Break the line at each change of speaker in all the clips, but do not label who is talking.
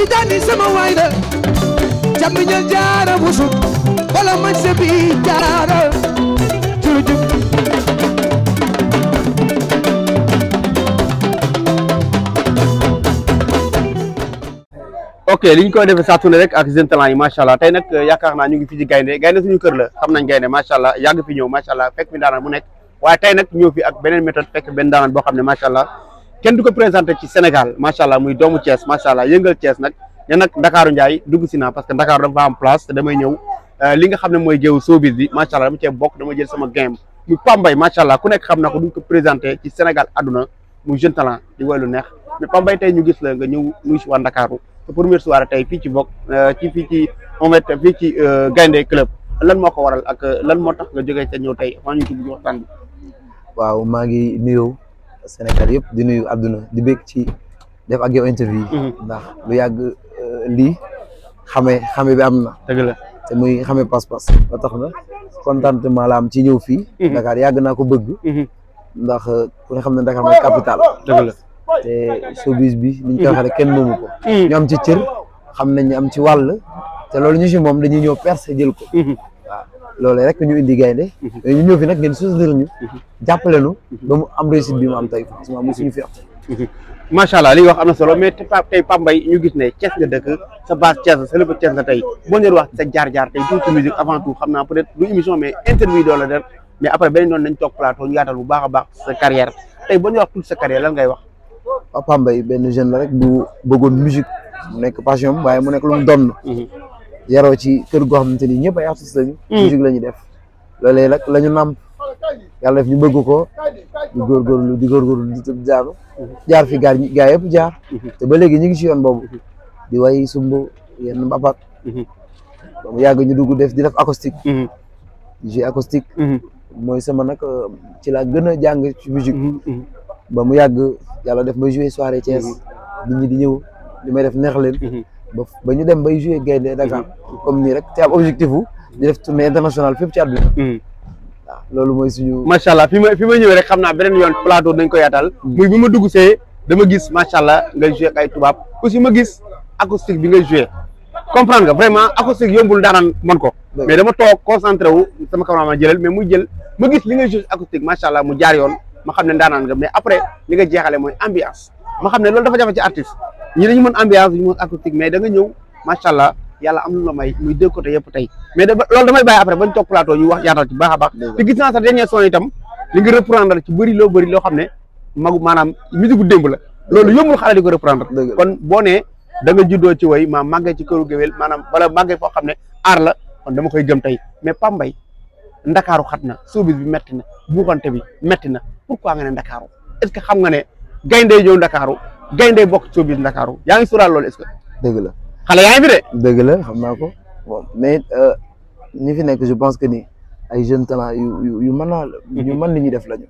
tijani sama waay la jambi ñal jaara busu wala man
se bi jaara jurujub
ok li ñu koy defee saa ne rek ak jeune talent allah tey nag euh, yaakaar naa ñu ngi fi ci gaynde gaynde suñu kër la xam nañ gaynde macha allah yàgg fi ñëw macha allah fekk fi daanaan mu nekk waaye tey nag ñëw fi ak beneen méthode fekk benn daanaan boo xam ne macha allah kenn du ko présenté ci Sénégal macha allah muy doomu Thiès macha allah yëngal Thiès nag ne nag Ndakaaru Ndiaye dugg si naa parce que Ndakaaru dafa am place te damay ñëw euh, li nga xam ne mooy géew showbiz bi macha allah dama cee bokk dama jël sama game muy Pambay macha allah ku nekk xam na ko ko présenté ci Sénégal àdduna muy jeune talent di woy lu neex mais Pambay tey ñu gis la nga ñëw nuyu si waa Ndakaaru sa première fii ci bokk euh, ci fii ci on va fii ci euh, Gaynde Club lan moo ko waral ak lan moo tax nga jógee ca ñëw tey avant ñu dugg waxtaan bi.
waaw maa ngi nuyoo. Sénégal yëpp di nuyu adduna di bég ci def ak yow interview mhm. ndax lu yàgg euh, lii xame xame bi am na dëgg la te muy xame pas-pas ba tax na contentement la am ci ñëw fii mhm. Dakar yàgg naa ko bëgg mhm. ndax euh, ku ne xam ne Dakar mooy capital dëgg la te showbiz bi niñ koy waxee kenn moomu ko ñu am ci cër xam nañ ñu am ci wàll te loolu ñu si moom dañuy ñëw percé jël ko loole rek ñu indi gaynde mhm. ñu ñëw fi nag ngeen soutenir ñu mhm. jàppale ñu mhm. ba mu am réussite bi mu am tey franchement allah li wax am na solo mais
tey Pape Mbaye ñu gis ne Thiès nga dëkk sa base Thiès sa lépp Thiès la tey boo leen wax sa jaar-jaar tey tuuti musique avant tout xam naa peut être du émission mais interview doo la def après beneen noonu nañ toog plateau ñu yaatal bu baax a baax sa carrière tey boo wax toute sa carrière lan ngay wax
Pape Mbaye benn jeune la rek bu bëggoon musique mu nekk passion waaye mu nekk lu mu yaroo ci kër goo xamante ni ñëpp ay artistes lañu. Mm. musique la ñuy def loolee nag la ñu yàlla def ñu bëgg ko di góorgóorlu di góorgóorlu di tëb jaanu mm-hmm. jaar fi gaar gaa jaar mm-hmm. te ba léegi ñu ngi ci yoon boobu mm-hmm. di way sumb yenn mbapat mu yàgg ñu dugg def di def acoustique di mooy sama nag euh, ci laa gën a jàng ci musique ba mu yàgg yàlla def may jouer soirée Thiès nit ñi di ñëw li ma def neex leen ba ba ñu dem bay joué gaynde Dakar mhm. comme nii rek te am objectif wu ñu def tournée internationale mhm. loolu mooy suñu macha
allah fi ma fi ma ñëwee rek xam naa beneen yoon plateau dañ ko yaatal mhm. muy bi dugg see dama gis macha allah ngay joué ak ay tubaab aussi ma gis acoustique bi nga joué comprendre nga vraiment acoustique yombul daanaan mën ko mais dama toog concentré wu sama cameraman jëlal mais mu jël ma gis li nga joué acoustique macha allah mu jaar yoon ma xam ne daanaan nga mais après nga jeexale mooy ambiance ma xam ne loolu dafa jafe ci artiste ñi dañu mën ambiance ñu mën acoustique mais da nga ñëw macha allah yàlla am lu la may muy deux yëpp tey mais da loolu damay bàyyi après bañ toog plateau ñu wax yaatal ci baax a baax te gis naa sa dernier son itam li nga reprendre ci bëri loo bëri loo xam ne magu maanaam musique démb la loolu yombul xale di ko reprendre kon boo nee da nga juddoo ci way maa màggee ci këru géwél maanaam wala màggee foo xam ne aar la kon dama koy gëm tey mais Pambay ndakaaru xat na suubis bi metti na buuxante bi metti na pourquoi nga ne ndakaaru est ce que xam nga ne gayndee ñëw ndakaaru gaynde bokk showbiz Ndakaaru yaa ngi sóoraal loolu est la
xale yaa ngi fi de. dëgg xam naa ko bon mais euh, ñi fi nekk je pense que ni ay jeunes talents yu yu yu mën a yu ñuy def lañu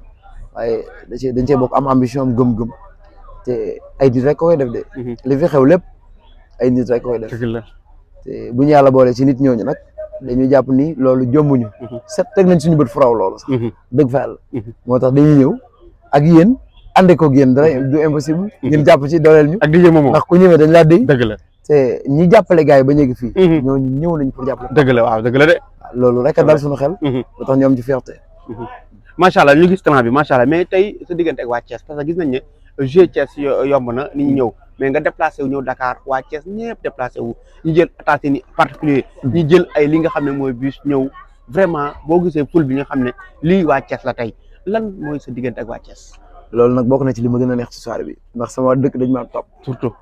waaye da cee dañ cee bokk am ambition am gëm-gëm te ay nit rek koy def de. Mhm. li xew lépp ay nit rek koy def. te bu ñu yàlla boole si nit ñooñu nag. dañuy jàpp ni loolu jombuñu. Mhm. set teg nañ suñu bët furaw loolu sax. Mhm. dëgg fa moo tax dañuy ñëw ak yéen. ànd koog yéen dara du impossible. Mhm. ngeen jàpp ci dooleel ñu. ak DJ Momo ndax ku ñëwee dañ laa dégg. dëgg la te ñi jàppale gars yi ba ñëegi fii. Mhm. ñooñu ñëw nañ pour jàppale. dëgg la waaw dëgg la loolu rek a dal suñu xel. Mhm. ba tax ñoom ci fierté.
macha allah ñu gis talent bi macha allah mais tey sa diggante ak waa Thiès parce gis nañ ne jeu Thiès yomb na nit ñi ñëw mais nga déplacé wu ñëw Dakar waa Thiès ñëpp déplacé ñu jël attaque ni particulier ñu jël ay li nga xam ne mooy bus ñëw
vraiment boo gisee poul bi nga xam ne lii waa Thiès la tey lan mooy sa diggante ak waa Thiès loolu nag bokk na ci li ma gën neex ci soirée bi ndax sama dëkk dañ maa topp surtout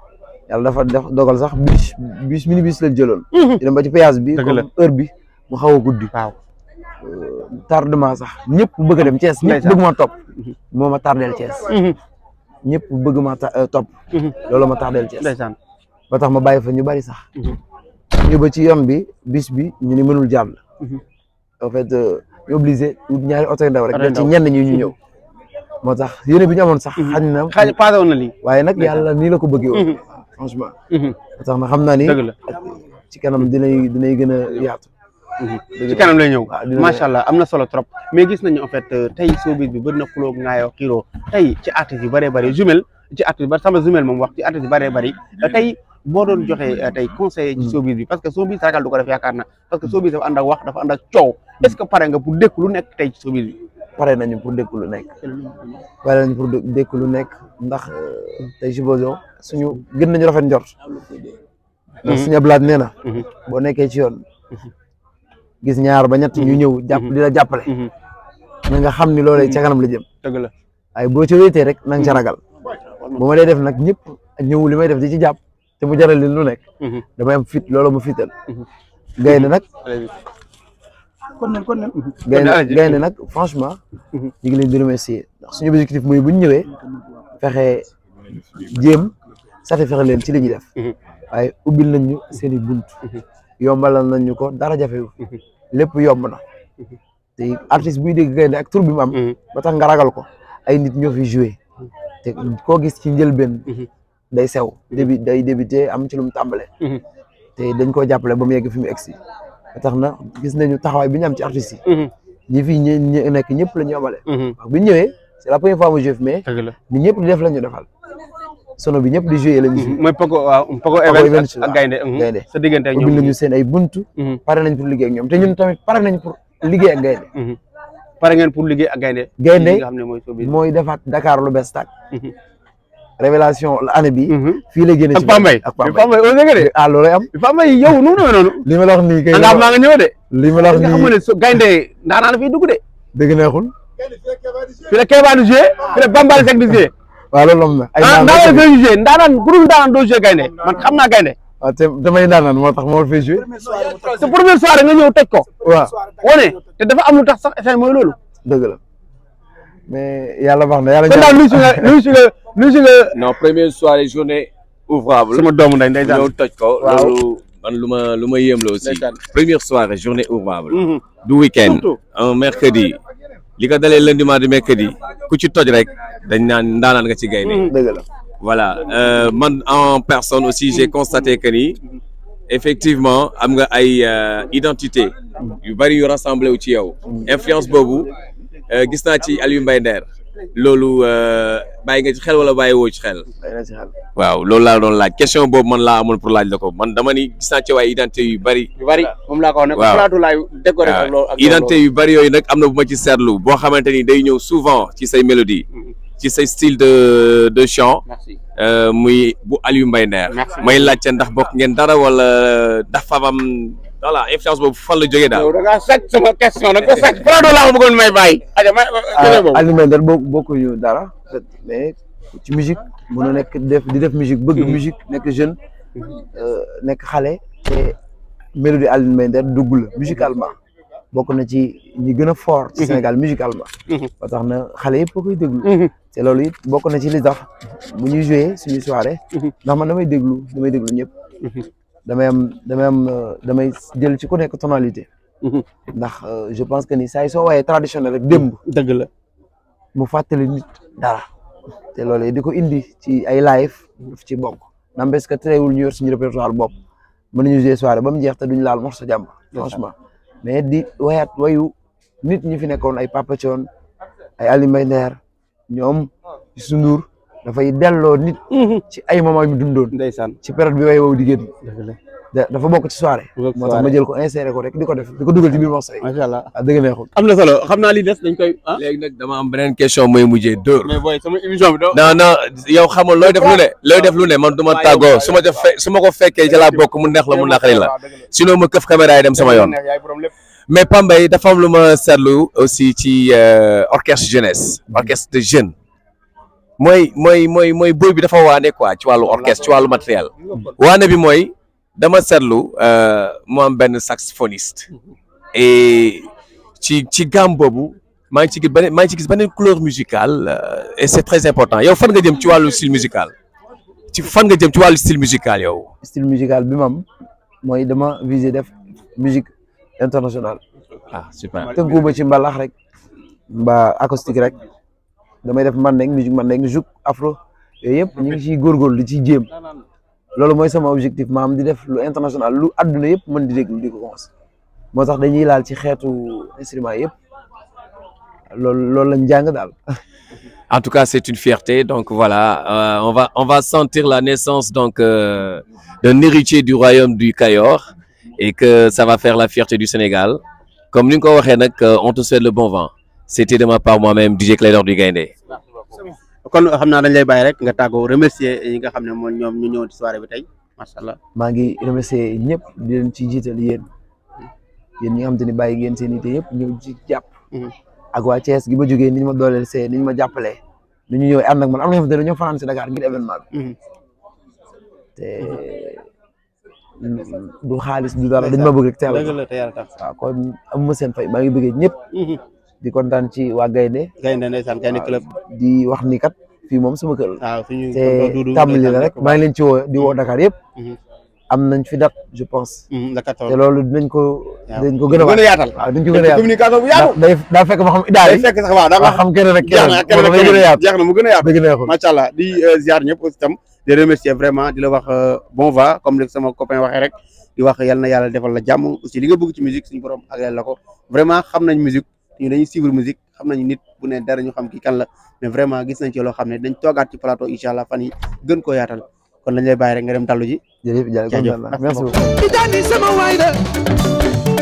yàlla dafa def dogal sax bis bis mini bis la jëloon di mhm. dem ba ci péage bi comme heure bi mu xaw a guddi waaw euh, tardement sax ñëpp bëgg a dem Thiès ma topp mhm. moo ma tardeel Thiès mhm. ñëpp bëgg ma euh, topp loolu ma tardeel Thiès ba tax ma bàyyi fa ñu bari sax ñu ba ci yoon bi bis bi ñu ni mënul jàll en fait euh, ñu obligé ñaari oto yu ndaw rek dem ñenn ñu ñëw moo tax yéene bi ñu amoon sax. Mhm. xañ na xañ na lii. waaye nag yàlla la ko bëggee woon. Mhm. Mhm. xam naa ni. dëgg la ci kanam dinay dinay gën a yaatu.
ci kanam lay ñëw ah, macha allah am na solo trop mais gis nañu en fait euh, tey showbiz bi bëri na xuloo ngaayoo xiiroo tey ci artistes yu bëree bëri jumel ci artiste ba sama jumel moom wax ci artistes yu bëree bëri mm-hmm. tey boo doon joxe euh, tey conseil ci mm-hmm. showbiz bi parce que showbiz sarakal du ko def yaakaar na parce que showbiz dafa ànd ak wax dafa ànd ak coow
est que pare nga pour dékk lu nekk tey ci showbiz bi pare nañu pour dékku lu nekk pare nañu pour dékku lu nekk ndax euh, tey Jibozo suñu gën nañu rafet njort ndax suñu ablaat nee na boo nekkee ci yoon gis ñaar ba ñett ñu ñëw jàpp di la jàppale na nga xam ni loolee ca kanam la jëm dëgg la waaye boo ci wéetee rek na nga ca ragal bu ma dee def nag ñëpp ñëw li may def di ci jàpp te mu jaral leen lu nekk mhm. damay am fit loolu mu fital mhm. gaynde nag
kon nag kon nag. gaynde nag
franchement. ñu ngi leen di remercier ndax suñu objectif mooy bu ñu ñëwee fexe jéem satisfaire leen ci li ñuy def. ay ubbil nañ ñu seen i bunt. yombalal nañ ñu ko dara jafewul. lépp yomb na. te artiste buy dégg gaynde ak bi mu am. ba tax nga ragal ko ay nit ñoo fi joué. te koo gis ci njëlbeen. day sew. début day débuté am ci lu mu tàmbalee. Uhuh. te dañ koo jàppale ba mu yegg fi mu egg si. tax na gis nañu taxawaay bi ñu am ci artistes yi. Mhm. ñi fi ñi nekk ñëpp la ñu amale. Mhm. wax bi ñu ñëwee c'est la première fois mu joué mais. dëgg la ñun ñëpp di def la ñu defal. sono bi ñëpp di joué la ñu. Mhm.
mooy Paco waaw Paco Events
ak buntu. pare nañ pour liggéey ak ñoom te tamit pare nañ pour liggéey ak Gaynde. mooy defaat Dakar lu bees révélation année bi mhm. fii la génne ci Pambay ak Pambay a nga de ah loolu am Pambay yow nu mu demee noonu li ma la wax nii kay nga nga ñëw de li ma la wax nii
xam nga ne gaynde la fiy dugg de dëgg neexul fi la Kéba di joué fi la Bambal di joué waaw loolu am na ay ah, ndaanaan la fiy joué ndaanaan bu dul doo joué gaynde man xam naa gaynde
waaw ah, te damay ndaanaan moo tax moo fiy joué
te première soirée nga ñëw
toj ko waaw wane te dafa am lu tax sax effet loolu dëgg la mais yàlla baax na yàlla daal
luy suñu lu si la. non première soirée journée ouvrable. sama doomu ndey ko. waaw lu ma lu ma yéem la aussi. première soirée journée ouvrable. Mhm. du week-end un mercredi. li ko dalee lundi mardi mercredi ku ci toj rek dañ naan ndaanaan nga ci gaynde mhm. dëgg la voilà euh, man en personne aussi j'ai constaté que ni effectivement am nga ay euh, identité yu bari yu rassemblé wu ci yow mhm. influence boobu euh, gis naa ci Aliou Mbaye Nder loolu euh, bàyyi nga ci xel wala bàyyi woo ci xel. waaw loolu laa doon laaj question boobu man laa amul pour laaj la ko man dama ni gis naa ci waaye yu bari.
yu bari moom laa ko wax nag plateau laay yu
bari yooyu nag am na bu ma ci seetlu boo xamante ni day ñëw souvent ci say mélodie. Mm-hmm. ci say style de de chant. Euh, muy bu Aliou Mbaye Nder. may laajte ndax bokk ngeen dara wala dafa am. voilà influence boobu fan la jógee daal. yow
da ngaa sàcc sama question da nga ko sàcc Prado laa ko bëggoon may bàyyi.
Aliou Mbendane boo
dara ci musique mën na nekk def di def musique bëgg mhm. musique nekk jeune euh, nekk xale te mélodie Aliou Mbendane dugg la musicalement bokk na ci ñi gën a fort ci mhm. Sénégal musicalement mhm. ba tax na xale yëpp koy déglu te loolu it bokk na ci li tax bu ñuy joué suñu soirée ndax man damay déglu damay déglu ñëpp damay am damay euh, damay jël ci ku nekk tonalité. Mhm. ndax euh, je pense que ni saa yi soo waayee traditionnel rek démb. dëgg la mu fàttali nit dara. te loolu di ko indi ci ay live ci bokk. n'empêche que teewul ñu yor suñu répertoire bopp mën nañu jouer soirée ba mu jeex te duñ laal morceau jàmm. franchement mais di wayaat wayu nit ñi fi nekkoon ay Papa Thione ay Alioune Mbaye Nder ñoom sunduur dafay delloo nit. Mhm. ci ay moments yu dundoon. ndeysaan ci période bi way wow di génn. dafa bokk ci soirée. ma jël ko inséré ko rek di ko def di ko dugal ci biir morceau yi. macha allah ah
dëgg am na solo xam naa li des dañ koy. ah léegi nag dama am beneen question mooy mujjee dóor. bi
doo. non non
yow xamul looy def lu ne. looy lu ne man du tàggoo su ma def su ma ko fekkee ci laa bokk mu neex la mu naqari la sinon ma këf caméra yi dem sama yoon. mais Pambay dafa am lu ma seetlu aussi ci euh, orchestre jeunesse orchestre de jeune mooy mooy mooy mooy boy bi dafa waane quoi ci wàllu orchestre ci wàllu matériel. waane bi mooy. dama seetlu euh, mu am benn saxophoniste mm-hmm. et ci ci boobu maa ngi ci gi beneen maa ngi ci gis beneen couleur musicale euh, et c'est très important yow fan nga jëm ci wàllu style musical ci fan nga jëm ci wàllu style musical yow. style
musical bi mam mooy dama viser def musique internationale.
ah super
ci mbalax rek mbaa acoustique rek damay def mandeng musique mandeng juk afro yooyu yëpp ñu ngi ciy di ci jéem. loolu mooy sama objectif maam di def lu international lu àdduna yëpp mën di déglu di ko commencé moo tax dañuy laal ci xeetu instrument yëpp loolu loolu lañ jàng daal.
en tout cas c'est une fierté donc voilà euh, on va sentir la naissance donc euh, d'un héritier du royaume du Kayor et que ça va faire la fierté du Sénégal comme ni nga ko waxee nag euh, on te souhaite le bon vent c'était de ma part moi-même DJ Clédor du Gaindé
kon xam naa dañ lay bàyyi rek nga tàggoo remercier yi nga xam ne moom ñoom ñu ñëw ci soirée bi tey macha allah.
maa ngi remercier ñëpp di leen ci jiital yéen yéen ñi nga xam te ni bàyyi ngeen seen yitte yëpp ñëw ci jàpp. Mm-hmm. ak waa Thiès gi ma jógee ni ñu ma dooleel se ni ñu ma jàppalee ni ñu ñëw ànd ak man am na ñoo xam ne ñoo fanaan si Dakar ngir événement bi. Mm-hmm. te du xaalis du dara dañ ma bëgg teel a. dëgg la te yàlla tax waaw am ma seen maa ngi bëggee ñëpp. Mm-hmm. di kontaan ci waa Gaynde. Gaynde ndeysaan di wax ni kat moom sama kër. waaw fi la rek maa ngi leen ci woo di woo mhm. Dakar yëpp. Mhm. am nañ fi date je pense. Mhm, le 14 ko. ko gën a waaw dinañ ko gën a yaatal communication bu yaatu. fekk ma xam Idaara yi day fekk sax waaw daa xam keneen rek. jeex na keneen rek
jeex na mu gën a yaatu jeex na mu gën a yaatu. Euh, di la wax euh, bon va comme li sama copain waxee rek di wax yal na yàlla defal la jàmm aussi li nga bëgg ci musique suñu borom ak la ko vraiment xam nañ musique ñu dañuy suivre musique xam nañu nit bu ne dara ñu xam kii kan la mais vraiment gis nañ ci loo xam ne dañ toogaat ci plateau incha allah fan yi gën koo yaatal kon lañ lay bàyyi rek nga dem dallu ji. jërëjëf
sama waay da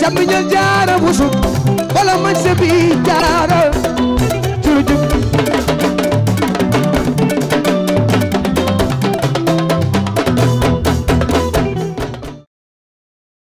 jàmm ñal jaara busub wala mañ se bi jaara